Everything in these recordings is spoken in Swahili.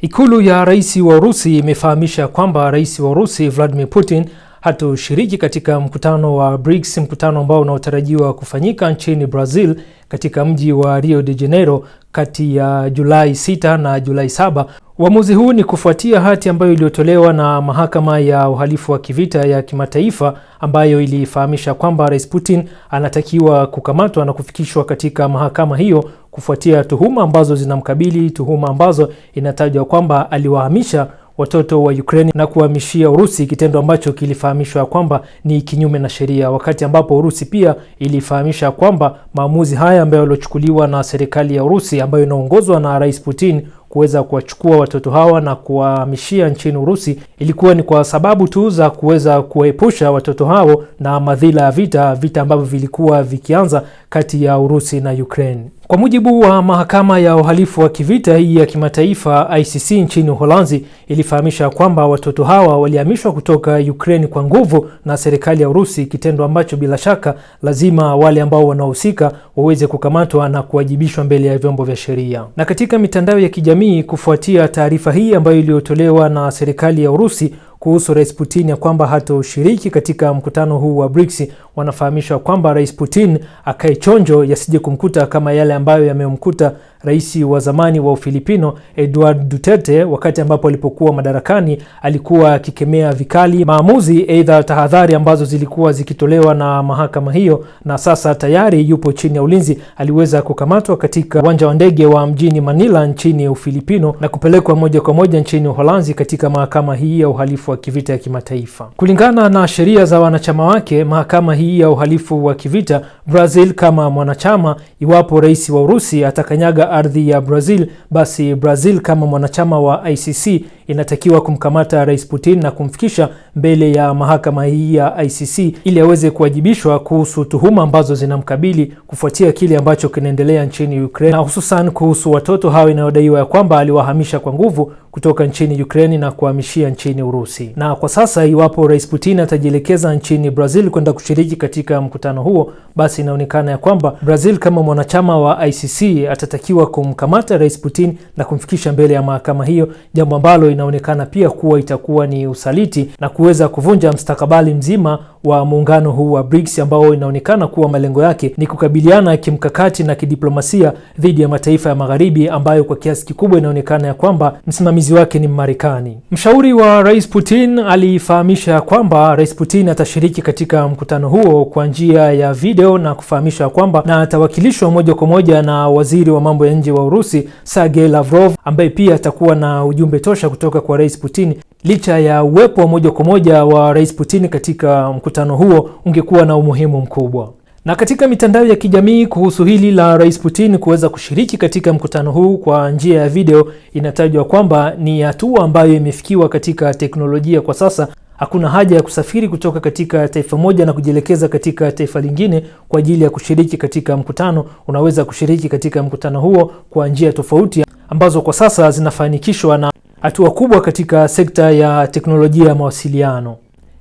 Ikulu ya rais wa Urusi imefahamisha kwamba rais wa Urusi Vladimir Putin hatoshiriki katika mkutano wa BRICS, mkutano ambao unaotarajiwa kufanyika nchini Brazil katika mji wa Rio de Janeiro kati ya Julai 6 na Julai 7. Uamuzi huu ni kufuatia hati ambayo iliyotolewa na mahakama ya uhalifu wa kivita ya kimataifa ambayo ilifahamisha kwamba Rais Putin anatakiwa kukamatwa na kufikishwa katika mahakama hiyo kufuatia tuhuma ambazo zinamkabili, tuhuma ambazo inatajwa kwamba aliwahamisha watoto wa Ukraine na kuhamishia Urusi, kitendo ambacho kilifahamishwa kwamba ni kinyume na sheria, wakati ambapo Urusi pia ilifahamisha kwamba maamuzi haya ambayo yaliochukuliwa na serikali ya Urusi ambayo inaongozwa na Rais Putin kuweza kuwachukua watoto hawa na kuwahamishia nchini Urusi ilikuwa ni kwa sababu tu za kuweza kuwaepusha watoto hao na madhila ya vita, vita ambavyo vilikuwa vikianza kati ya Urusi na Ukraine. Kwa mujibu wa mahakama ya uhalifu wa kivita hii ya kimataifa ICC nchini Uholanzi ilifahamisha kwamba watoto hawa walihamishwa kutoka Ukraine kwa nguvu na serikali ya Urusi, kitendo ambacho bila shaka lazima wale ambao wanahusika waweze kukamatwa na kuwajibishwa mbele ya vyombo vya sheria. Na katika mitandao ya kijamii kijamii kufuatia taarifa hii ambayo iliyotolewa na serikali ya Urusi kuhusu Rais Putin ya kwamba hatoshiriki katika mkutano huu wa BRICS, wanafahamishwa kwamba Rais Putin akae chonjo yasije kumkuta kama yale ambayo yamemkuta rais wa zamani wa Ufilipino Edward Duterte wakati ambapo alipokuwa madarakani, alikuwa akikemea vikali maamuzi aidha tahadhari ambazo zilikuwa zikitolewa na mahakama hiyo, na sasa tayari yupo chini ya ulinzi. Aliweza kukamatwa katika uwanja wa ndege wa mjini Manila nchini Ufilipino na kupelekwa moja kwa moja nchini Uholanzi katika mahakama hii ya uhalifu uhalifu wa kivita ya kimataifa. Kulingana na sheria za wanachama wake, mahakama hii ya uhalifu wa kivita, Brazil kama mwanachama, iwapo rais wa Urusi atakanyaga ardhi ya Brazil, basi Brazil kama mwanachama wa ICC inatakiwa kumkamata Rais Putin na kumfikisha mbele ya mahakama hii ya ICC ili aweze kuwajibishwa kuhusu tuhuma ambazo zinamkabili kufuatia kile ambacho kinaendelea nchini Ukraine na hususan kuhusu watoto hao inayodaiwa ya kwamba aliwahamisha kwa nguvu kutoka nchini Ukraine na kuhamishia nchini Urusi. Na kwa sasa, iwapo Rais Putin atajielekeza nchini Brazil kwenda kushiriki katika mkutano huo, basi inaonekana ya kwamba Brazil kama mwanachama wa ICC atatakiwa kumkamata Rais Putin na kumfikisha mbele ya mahakama hiyo, jambo ambalo inaonekana pia kuwa itakuwa ni usaliti na kuweza kuvunja mstakabali mzima wa muungano huu wa BRICS ambao inaonekana kuwa malengo yake ni kukabiliana kimkakati na kidiplomasia dhidi ya mataifa ya magharibi ambayo kwa kiasi kikubwa inaonekana ya kwamba msimamizi wake ni Marekani. Mshauri wa Rais Putin alifahamisha ya kwamba Rais Putin atashiriki katika mkutano huo kwa njia ya video na kufahamisha ya kwamba na atawakilishwa moja kwa moja na waziri wa mambo ya nje wa Urusi Sergei Lavrov ambaye pia atakuwa na ujumbe tosha kutoka kwa Rais Putin licha ya uwepo wa moja kwa moja wa Rais Putin katika mkutano huo ungekuwa na umuhimu mkubwa. Na katika mitandao ya kijamii kuhusu hili la Rais Putin kuweza kushiriki katika mkutano huu kwa njia ya video, inatajwa kwamba ni hatua ambayo imefikiwa katika teknolojia kwa sasa. Hakuna haja ya kusafiri kutoka katika taifa moja na kujielekeza katika taifa lingine kwa ajili ya kushiriki katika mkutano. Unaweza kushiriki katika mkutano huo kwa njia tofauti ambazo kwa sasa zinafanikishwa na Hatua kubwa katika sekta ya teknolojia ya mawasiliano.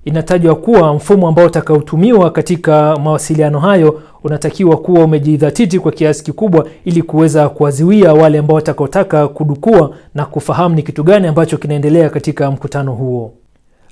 Inatajwa kuwa mfumo ambao utakaotumiwa katika mawasiliano hayo unatakiwa kuwa umejidhatiti kwa kiasi kikubwa, ili kuweza kuwaziwia wale ambao watakaotaka kudukua na kufahamu ni kitu gani ambacho kinaendelea katika mkutano huo.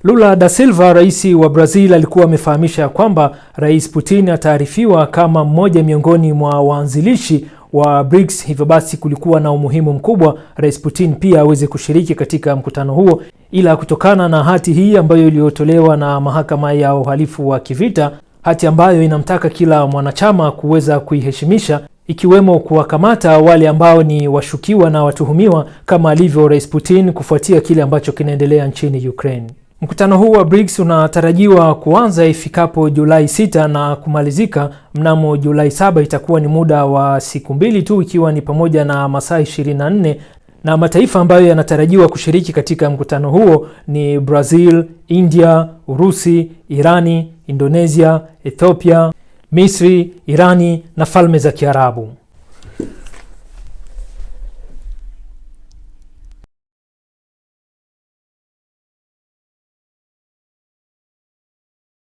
Lula da Silva, rais wa Brazil, alikuwa amefahamisha kwamba Rais Putin ataarifiwa kama mmoja miongoni mwa waanzilishi wa BRICS. Hivyo basi kulikuwa na umuhimu mkubwa Rais Putin pia aweze kushiriki katika mkutano huo, ila kutokana na hati hii ambayo iliyotolewa na mahakama ya uhalifu wa kivita, hati ambayo inamtaka kila mwanachama kuweza kuiheshimisha ikiwemo kuwakamata wale ambao ni washukiwa na watuhumiwa kama alivyo Rais Putin kufuatia kile ambacho kinaendelea nchini Ukraine. Mkutano huu wa BRICS unatarajiwa kuanza ifikapo Julai 6 na kumalizika mnamo Julai 7. Itakuwa ni muda wa siku mbili tu, ikiwa ni pamoja na masaa 24 na mataifa ambayo yanatarajiwa kushiriki katika mkutano huo ni Brazil, India, Urusi, Irani, Indonesia, Ethiopia, Misri, Irani na Falme za Kiarabu.